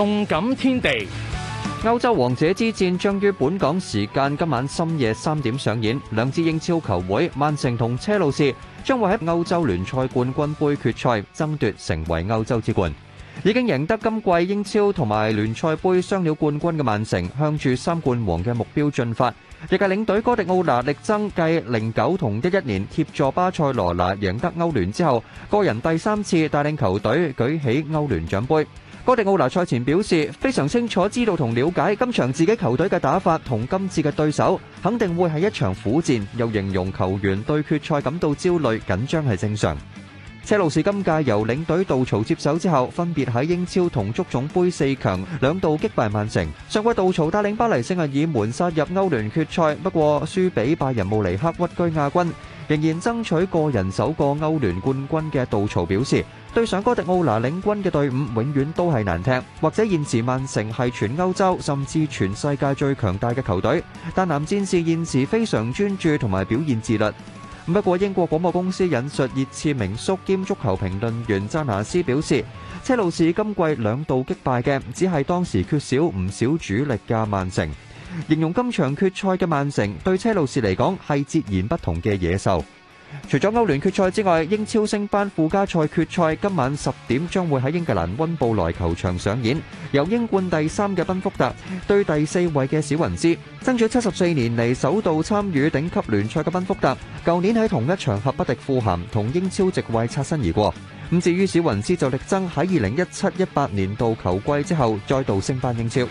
動感天地，歐洲王者之戰將於本港時間今晚深夜三點上演。兩支英超球會曼城同車路士將會喺歐洲聯賽冠軍杯決賽爭奪成為歐洲之冠。已經贏得今季英超同埋聯賽杯雙料冠軍嘅曼城，向住三冠王嘅目標進發。亦係領隊哥迪奧拿力爭繼零九同一一年協助巴塞羅那贏得歐聯之後，個人第三次帶領球隊舉起歐聯獎杯。哥迪奧拿賽前表示非常清楚知道同了解今場自己球隊嘅打法同今次嘅對手，肯定會係一場苦戰。又形容球員對決賽感到焦慮緊張係正常。車路士今屆由領隊杜曹接手之後，分別喺英超同足總杯四強兩度擊敗曼城。上季杜曹帶領巴黎聖日耳門殺入歐聯決賽，不過輸俾拜仁慕尼黑屈居亞軍。仍然爭取個人首個歐聯冠軍的杜曹表示，對上哥迪奧拿領軍的隊伍永遠都係難踢，或者現時曼城係全歐洲甚至全世界最強大的球隊，但藍戰士現時非常專注同埋表現自律。不過英國廣播公司引述熱刺名宿兼足球評論員扎拿斯表示，車路士今季兩度擊敗嘅只係當時缺少唔少主力嘅曼城，形容今場決賽嘅曼城對車路士嚟講，係截然不同嘅野獸。除咗歐聯決賽之外，英超升班附加賽決賽今晚十點將會喺英格蘭溫布萊球場上演，由英冠第三嘅賓福特對第四位嘅史雲斯爭取七十四年嚟首度參與頂級聯賽嘅賓福特，舊年喺同一場合不敵富咸，同英超席位擦身而過。咁至於史雲斯就力爭喺二零一七一八年度球季之後再度升班英超。